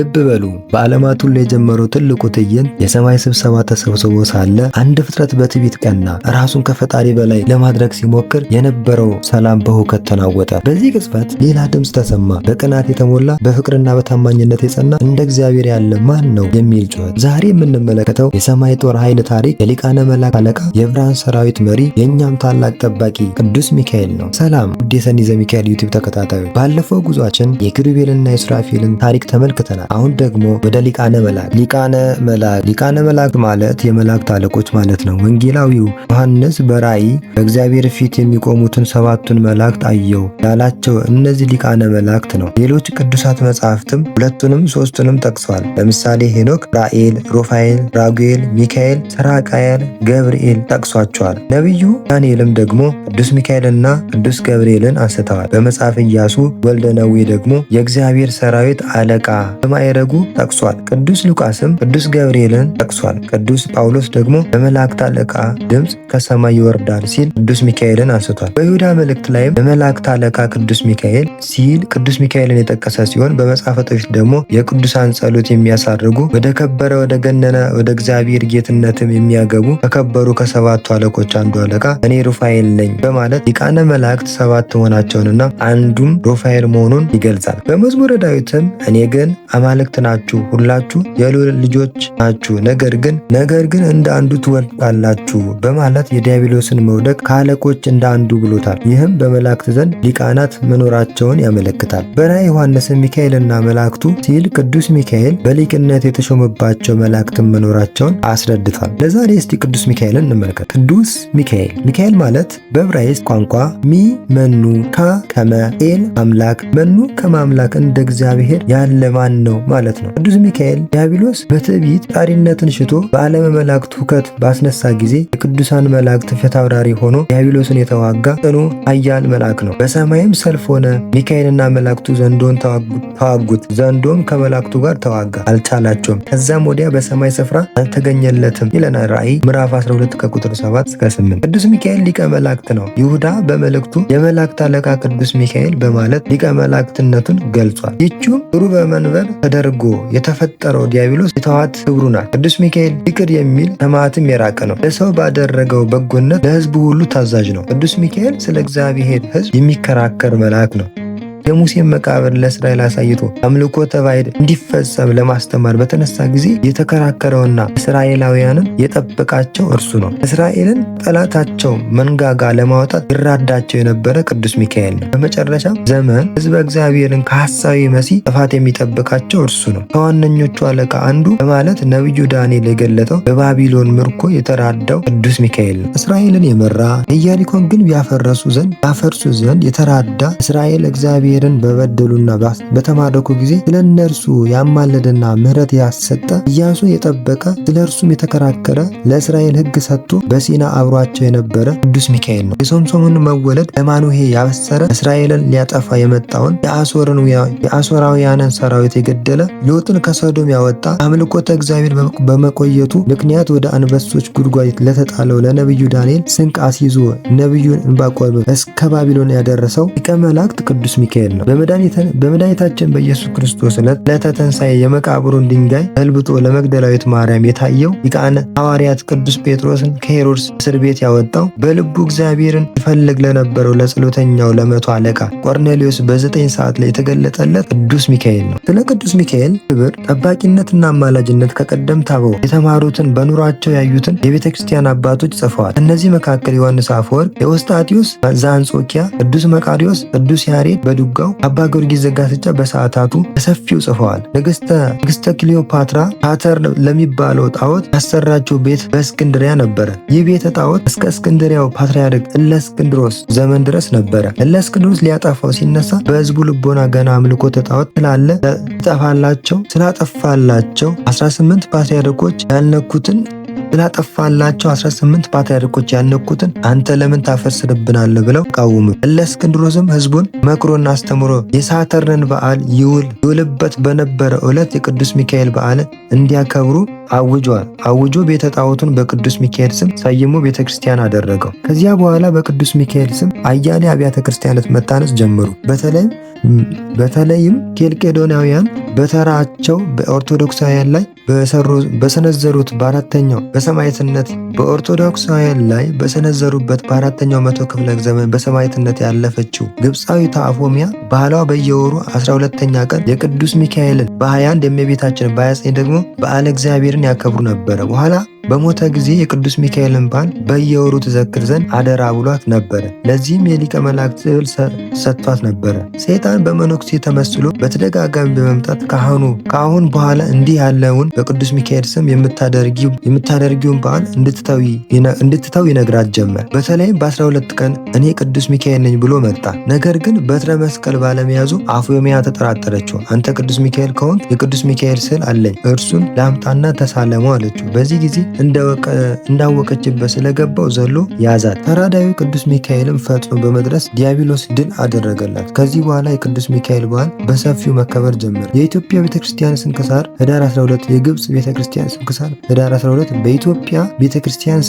ልብ በሉ በዓለማት ላይ የጀመረው ትልቁ ትዕይንት የሰማይ ስብሰባ ተሰብስቦ ሳለ አንድ ፍጥረት በትዕቢት ቀና፣ ራሱን ከፈጣሪ በላይ ለማድረግ ሲሞክር የነበረው ሰላም በሁከት ተናወጠ። በዚህ ቅጽበት ሌላ ድምፅ ተሰማ፣ በቅናት የተሞላ በፍቅርና በታማኝነት የጸና እንደ እግዚአብሔር ያለ ማን ነው የሚል ጩኸት። ዛሬ የምንመለከተው የሰማይ ጦር ኃይል ታሪክ የሊቃነ መላእክት አለቃ የብርሃን ሰራዊት መሪ የእኛም ታላቅ ጠባቂ ቅዱስ ሚካኤል ነው። ሰላም ውድ የሰኒዘ ሚካኤል ዩቲዩብ ተከታታዩ፣ ባለፈው ጉዟችን የኪሩቤልና የሱራፌልን ታሪክ ተመልክተናል። ብለናል። አሁን ደግሞ ወደ ሊቃነ መላእክት ሊቃነ መላእክት ሊቃነ መላእክት ማለት የመላእክት አለቆች ማለት ነው። ወንጌላዊው ዮሐንስ በራእይ በእግዚአብሔር ፊት የሚቆሙትን ሰባቱን መላእክት አየው ያላቸው እነዚህ ሊቃነ መላእክት ነው። ሌሎች ቅዱሳት መጽሐፍትም ሁለቱንም ሶስቱንም ጠቅሰዋል። ለምሳሌ ሄኖክ ራኤል፣ ሮፋኤል፣ ራጉኤል፣ ሚካኤል፣ ሰራቃኤል፣ ገብርኤል ጠቅሷቸዋል። ነቢዩ ዳንኤልም ደግሞ ቅዱስ ሚካኤልና ቅዱስ ገብርኤልን አንስተዋል። በመጽሐፍ ኢያሱ ወልደ ነዌ ደግሞ የእግዚአብሔር ሰራዊት አለቃ በማዕረጉ ጠቅሷል። ቅዱስ ሉቃስም ቅዱስ ገብርኤልን ጠቅሷል። ቅዱስ ጳውሎስ ደግሞ በመላእክት አለቃ ድምፅ ከሰማይ ይወርዳል ሲል ቅዱስ ሚካኤልን አንስቷል። በይሁዳ መልእክት ላይም በመላእክት አለቃ ቅዱስ ሚካኤል ሲል ቅዱስ ሚካኤልን የጠቀሰ ሲሆን በመጽሐፈ ደግሞ የቅዱሳን ጸሎት የሚያሳርጉ ወደ ከበረ ወደ ገነነ ወደ እግዚአብሔር ጌትነትም የሚያገቡ ከከበሩ ከሰባቱ አለቆች አንዱ አለቃ እኔ ሩፋኤል ነኝ በማለት ሊቃነ መላእክት ሰባት መሆናቸውንና አንዱም ሩፋኤል መሆኑን ይገልጻል። በመዝሙረ ዳዊትም እኔ ግን አማልክት ናችሁ፣ ሁላችሁ የልዑል ልጆች ናችሁ፣ ነገር ግን ነገር ግን እንደ አንዱ ትወድቃላችሁ በማለት የዲያብሎስን መውደቅ ከአለቆች እንደ አንዱ ብሎታል። ይህም በመላእክት ዘንድ ሊቃናት መኖራቸውን ያመለክታል። በራእየ ዮሐንስ ሚካኤልና መላእክቱ ሲል ቅዱስ ሚካኤል በሊቅነት የተሾመባቸው መላእክትን መኖራቸውን አስረድቷል። ለዛሬ እስቲ ቅዱስ ሚካኤልን እንመልከት። ቅዱስ ሚካኤል ሚካኤል ማለት በዕብራይስጥ ቋንቋ ሚ መኑ ካ ከመ ኤል አምላክ መኑ ከማምላክ እንደ እግዚአብሔር ያለ ማን ነው ነው ማለት ነው። ቅዱስ ሚካኤል ዲያብሎስ በትዕቢት ጣሪነትን ሽቶ በዓለመ መላእክት ሁከት ባስነሳ ጊዜ የቅዱሳን መላእክት ፊት ሆኖ ዲያብሎስን የተዋጋ ጽኑ ኃያል መልአክ ነው። በሰማይም ሰልፍ ሆነ። ሚካኤልና መላእክቱ ዘንዶን ተዋጉት፣ ዘንዶም ከመላእክቱ ጋር ተዋጋ፣ አልቻላቸውም። ከዛም ወዲያ በሰማይ ስፍራ አልተገኘለትም ይለናል ራእይ ምዕራፍ 12 ከቁጥር 7 እስከ 8። ቅዱስ ሚካኤል ሊቀ መላእክት ነው። ይሁዳ በመልእክቱ የመላእክት አለቃ ቅዱስ ሚካኤል በማለት ሊቀ መላእክትነቱን ገልጿል። ይቹም ጥሩ በመንበር ተደርጎ የተፈጠረው ዲያብሎስ የተዋት ክብሩ ናት። ቅዱስ ሚካኤል ይቅር የሚል ሰማዕትም የራቀ ነው። ለሰው ባደረገው በጎነት ለህዝቡ ሁሉ ታዛዥ ነው። ቅዱስ ሚካኤል ስለ እግዚአብሔር ህዝብ የሚከራከር መልአክ ነው። የሙሴን መቃብር ለእስራኤል አሳይቶ አምልኮተ ባዕድ እንዲፈጸም ለማስተማር በተነሳ ጊዜ የተከራከረውና እስራኤላውያንን የጠበቃቸው እርሱ ነው። እስራኤልን ጠላታቸው መንጋጋ ለማውጣት ይራዳቸው የነበረ ቅዱስ ሚካኤል ነው። በመጨረሻ ዘመን ሕዝበ እግዚአብሔርን ከሐሳዊ መሲህ ጥፋት የሚጠብቃቸው እርሱ ነው። ከዋነኞቹ አለቃ አንዱ በማለት ነቢዩ ዳንኤል የገለጠው በባቢሎን ምርኮ የተራዳው ቅዱስ ሚካኤል ነው። እስራኤልን የመራ ኢያሪኮን ግን ያፈረሱ ዘንድ ያፈርሱ ዘንድ የተራዳ እስራኤል እግዚአብሔር እግዚአብሔርን በበደሉና በተማረኩ ጊዜ ስለ እነርሱ ያማለደና ምሕረት ያሰጠ ኢያሱ የጠበቀ ስለ እርሱም የተከራከረ ለእስራኤል ሕግ ሰጥቶ በሲና አብሯቸው የነበረ ቅዱስ ሚካኤል ነው። የሶምሶምን መወለድ ለማኑሄ ያበሰረ እስራኤልን ሊያጠፋ የመጣውን የአሶራውያንን ሰራዊት የገደለ ሎጥን ከሰዶም ያወጣ አምልኮተ እግዚአብሔር በመቆየቱ ምክንያት ወደ አንበሶች ጉድጓድ ለተጣለው ለነቢዩ ዳንኤል ስንቅ አስይዞ ነቢዩን ዕንባቆምን እስከ ባቢሎን ያደረሰው ሊቀ መላእክት ቅዱስ ሚካኤል የሚካኤል ነው። በመድኃኒታችን በኢየሱስ ክርስቶስ ዕለት ለተተንሳኤ የመቃብሩን ድንጋይ ተልብጦ ለመግደላዊት ማርያም የታየው ሊቃነ ሐዋርያት ቅዱስ ጴጥሮስን ከሄሮድስ እስር ቤት ያወጣው በልቡ እግዚአብሔርን ይፈልግ ለነበረው ለጸሎተኛው ለመቶ አለቃ ቆርኔሌዎስ በዘጠኝ ሰዓት ላይ የተገለጠለት ቅዱስ ሚካኤል ነው። ስለ ቅዱስ ሚካኤል ክብር፣ ጠባቂነትና አማላጅነት ከቀደምት አበው የተማሩትን በኑሯቸው ያዩትን የቤተ ክርስቲያን አባቶች ጽፈዋል። እነዚህ መካከል ዮሐንስ አፈወርቅ፣ የኦስጣቴዎስ ዘአንጾኪያ፣ ቅዱስ መቃሪዎስ፣ ቅዱስ ያሬድ በዱ እንደተወጋው አባ ጊዮርጊስ ዘጋስጫ በሰዓታቱ በሰፊው ጽፈዋል። ንግስተ ክሊዮፓትራ ፓተር ለሚባለው ጣዖት ያሰራቸው ቤት በእስክንድሪያ ነበረ። ይህ ቤተ ጣዖት እስከ እስክንድሪያው ፓትርያርክ እለእስክንድሮስ ዘመን ድረስ ነበረ። እለእስክንድሮስ ሊያጠፋው ሲነሳ በህዝቡ ልቦና ገና አምልኮተ ጣዖት ስላለ ጠፋላቸው ስላጠፋላቸው 18 ፓትርያርኮች ያልነኩትን ስላጠፋላቸው 18 ፓትርያርኮች ያነኩትን አንተ ለምን ታፈርስብናለህ ብለው ቃወሙ። እለእስክንድሮስም ህዝቡን መክሮና አስተምሮ የሳተርንን በዓል ይውል ይውልበት በነበረ ዕለት የቅዱስ ሚካኤል በዓልን እንዲያከብሩ አውጇል። አውጆ ቤተ ጣዖቱን በቅዱስ ሚካኤል ስም ሰይሞ ቤተ ክርስቲያን አደረገው። ከዚያ በኋላ በቅዱስ ሚካኤል ስም አያሌ አብያተ ክርስቲያናት መታነጽ ጀመሩ። በተለይም ኬልቄዶናውያን በተራቸው በኦርቶዶክሳውያን ላይ በሰነዘሩት በአራተኛው በሰማዕትነት በኦርቶዶክሳውያን ላይ በሰነዘሩበት በአራተኛው መቶ ክፍለ ዘመን በሰማዕትነት ያለፈችው ግብፃዊቷ አፎሚያ ባህሏ በየወሩ 12ተኛ ቀን የቅዱስ ሚካኤልን በ21 የእመቤታችን በ29 ደግሞ በዓለ እግዚአብሔርን ያከብሩ ነበረ። በኋላ በሞተ ጊዜ የቅዱስ ሚካኤልን በዓል በየወሩ ትዘክር ዘንድ አደራ ብሏት ነበረ። ለዚህም የሊቀ መላእክት ስዕል ሰጥቷት ነበረ። ሰይጣን በመነኩሴ ተመስሎ በተደጋጋሚ በመምጣት ካህኑ ከአሁን በኋላ እንዲህ ያለውን በቅዱስ ሚካኤል ስም የምታደርጊውን በዓል እንድትተው ይነግራት ጀመር። በተለይም በ12 ቀን እኔ ቅዱስ ሚካኤል ነኝ ብሎ መጣ። ነገር ግን በትረ መስቀል ባለመያዙ አፎሚያ ተጠራጠረችው። አንተ ቅዱስ ሚካኤል ከሆን የቅዱስ ሚካኤል ስዕል አለኝ፣ እርሱን ላምጣና ተሳለመው አለችው። በዚህ ጊዜ እንዳወቀችበት ስለገባው ዘሎ ያዛት። ተራዳዩ ቅዱስ ሚካኤልም ፈጥኖ በመድረስ ዲያብሎስ ድል አደረገላት። ከዚህ በኋላ የቅዱስ ሚካኤል በዓል በሰፊው መከበር ጀመረ። የኢትዮጵያ ቤተክርስቲያን ስንክሳር ህዳር 12፣ የግብፅ ቤተክርስቲያን ስንክሳር ህዳር 12። በኢትዮጵያ ቤተክርስቲያን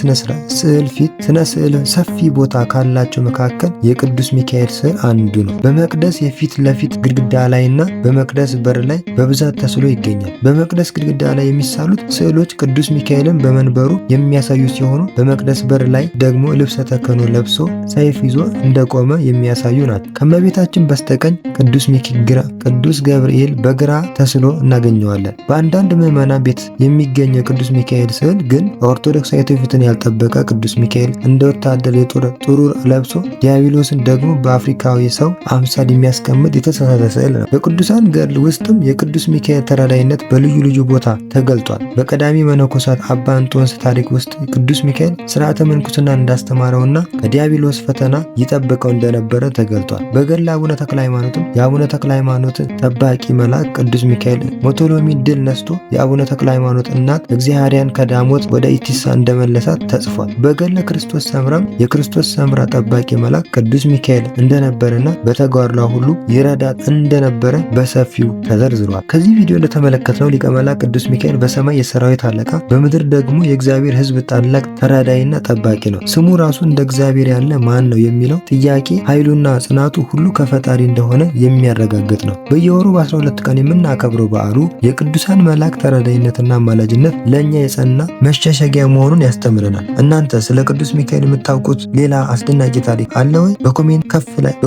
ስዕል ፊት ስነ ስዕል ሰፊ ቦታ ካላቸው መካከል የቅዱስ ሚካኤል ስዕል አንዱ ነው። በመቅደስ የፊት ለፊት ግድግዳ ላይና በመቅደስ በር ላይ በብዛት ተስሎ ይገኛል። በመቅደስ ግድግዳ ላይ የሚሳሉት ስዕሎች ቅዱስ ሚካኤልን በመንበሩ የሚያሳዩ ሲሆኑ በመቅደስ በር ላይ ደግሞ ልብሰ ተክህኖ ለብሶ ሰይፍ ይዞ እንደቆመ የሚያሳዩ ናቸው። ከእመቤታችን በስተቀኝ ቅዱስ ሚካኤል ግራ፣ ቅዱስ ገብርኤል በግራ ተስሎ እናገኘዋለን። በአንዳንድ ምዕመናን ቤት የሚገኘው ቅዱስ ሚካኤል ስዕል ግን ኦርቶዶክሳዊ ትውፊትን ያልጠበቀ ቅዱስ ሚካኤል እንደ ወታደር የጦር ጥሩር ለብሶ ዲያብሎስን ደግሞ በአፍሪካዊ ሰው አምሳል የሚያስቀምጥ የተሳሳተ ስዕል ነው። በቅዱሳን ገድል ውስጥም የቅዱስ ሚካኤል ተራዳይነት በልዩ ልዩ ቦታ ተገልጧል። በቀዳሚ መነኮሳት አባ በንጦንስ ታሪክ ውስጥ ቅዱስ ሚካኤል ስርዓተ ምንኩስና እንዳስተማረውና ከዲያብሎስ ፈተና ይጠብቀው እንደነበረ ተገልጧል። በገድለ አቡነ ተክለ ሃይማኖትም የአቡነ ተክለ ሃይማኖት ጠባቂ መልአክ ቅዱስ ሚካኤል ሞቶሎሚ ድል ነስቶ የአቡነ ተክለ ሃይማኖት እናት እግዚአብሔርን ከዳሞት ወደ ኢቲሳ እንደመለሳት ተጽፏል። በገድለ ክርስቶስ ሰምራም የክርስቶስ ሰምራ ጠባቂ መልአክ ቅዱስ ሚካኤል እንደነበረና በተጓድላ ሁሉ ይረዳት እንደነበረ በሰፊው ተዘርዝሯል። ከዚህ ቪዲዮ እንደተመለከትነው ሊቀ መላእክት ቅዱስ ሚካኤል በሰማይ የሰራዊት አለቃ፣ በምድር ደግሞ ደግሞ የእግዚአብሔር ሕዝብ ታላቅ ተራዳይና ጠባቂ ነው። ስሙ ራሱ እንደ እግዚአብሔር ያለ ማን ነው የሚለው ጥያቄ ኃይሉና ጽናቱ ሁሉ ከፈጣሪ እንደሆነ የሚያረጋግጥ ነው። በየወሩ በ12 ቀን የምናከብረው በዓሉ የቅዱሳን መልአክ ተራዳይነትና አማላጅነት ለእኛ የጸና መሸሸጊያ መሆኑን ያስተምረናል። እናንተ ስለ ቅዱስ ሚካኤል የምታውቁት ሌላ አስደናቂ ታሪክ አለ ወይ?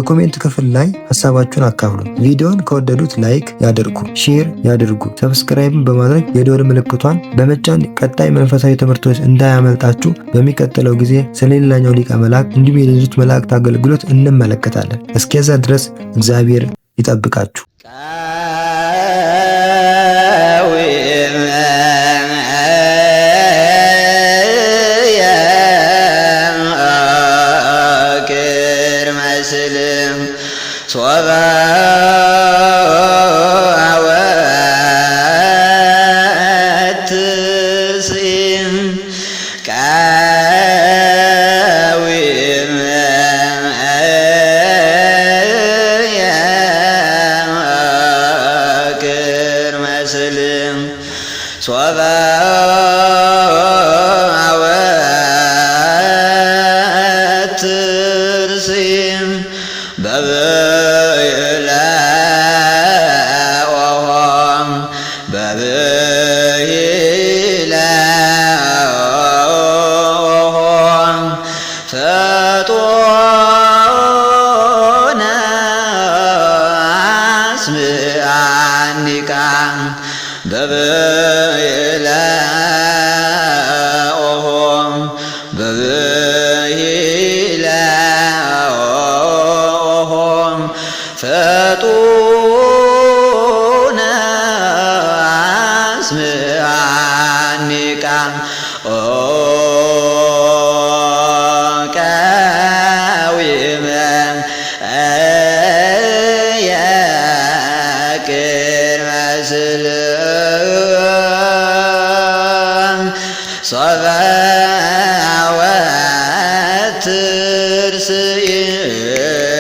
በኮሜንት ክፍል ላይ ሀሳባችሁን አካፍሉ። ቪዲዮን ከወደዱት ላይክ ያደርጉ፣ ሼር ያደርጉ፣ ሰብስክራይብን በማድረግ የደወል ምልክቷን በመጫን ቀጣይ መንፈስ መንፈሳዊ ትምህርቶች እንዳያመልጣችሁ በሚቀጥለው ጊዜ ስለሌላኛው ሊቀ መልአክ እንዲሁም የሌሎች መላእክት አገልግሎት እንመለከታለን። እስከዛ ድረስ እግዚአብሔር ይጠብቃችሁ። كاوم يا كرم سلم صباح لا አፍሪካ በብላኦሆ በብላኦሆ ፈጡነ አስምአኒቃ dersi